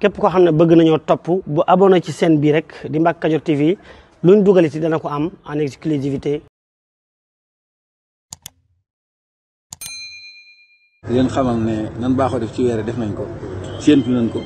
képp koo xam ne bëgg nañoo topp bu abonné ci chaîne bii rek di Mbacke Kadior TV luñ ci dana ko am en exclusivité di leen xamal ne nan baaxoo def ci weere def nañ ko séentu nañ ko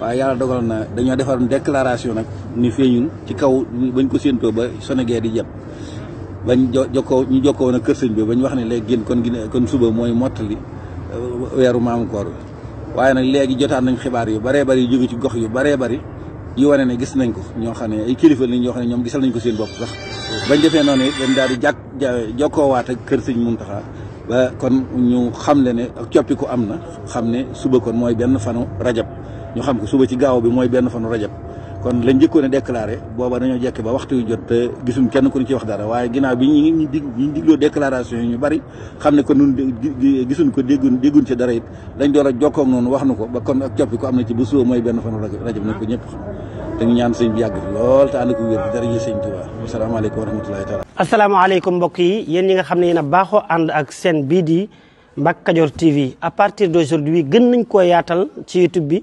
waaye yàlla dogal na dañoo defar déclaration nag ni feeñul ci kaw bañ ko séentoo ba sonegee di jëm bañ jokkoo ñu jokkoo na kër sëñ bi bañ wax ne léegi génn kon kon suba mooy mottali euh, weeru maamu koor bi waaye nag léegi jotaan nañ xibaar yu baree bari yu jóge ci gox yu baree bari yi wane ne gis nañ ko ñoo xam ne ay kilifa lañ ñoo xam ne ñoom gisal nañ ko seen bopp sax bañ defee noonu it dañ daal di jàkk jokkoowaat ak kër sëñ Muntaxa ba kon ñu xam le ne ak coppiku am na xam ne suba kon mooy benn fanu rajab ñu xam ko suba ci gaaw bi mooy benn fanu rajab kon lañ njëkkoon a booba dañoo jekki ba waxtu yu jot te kenn ku ñu ci wax dara waaye ginnaaw bi ñu digg dig ñu digloo déclaration yi ñu bari xam ne ko nun gisuñ ko déggun dégguñ ci dara it dañ door a jokkoog noonu wax nu ko ba kon ak coppi ko am na ci bu suba mooy benn fan rajab na ko ñëpp xam te ñaan sëñ bi yàgg fi lool te ànd ko wér dara yi sëñ Tuubaa asalaamaaleykum wa asalaamaaleykum mbokk yi yéen ñi nga xam ne yéen a baaxoo ànd ak seen bii di Mbacke Kadior TV à partir d'aujourd'hui gën nañ koo yaatal ci YouTube bi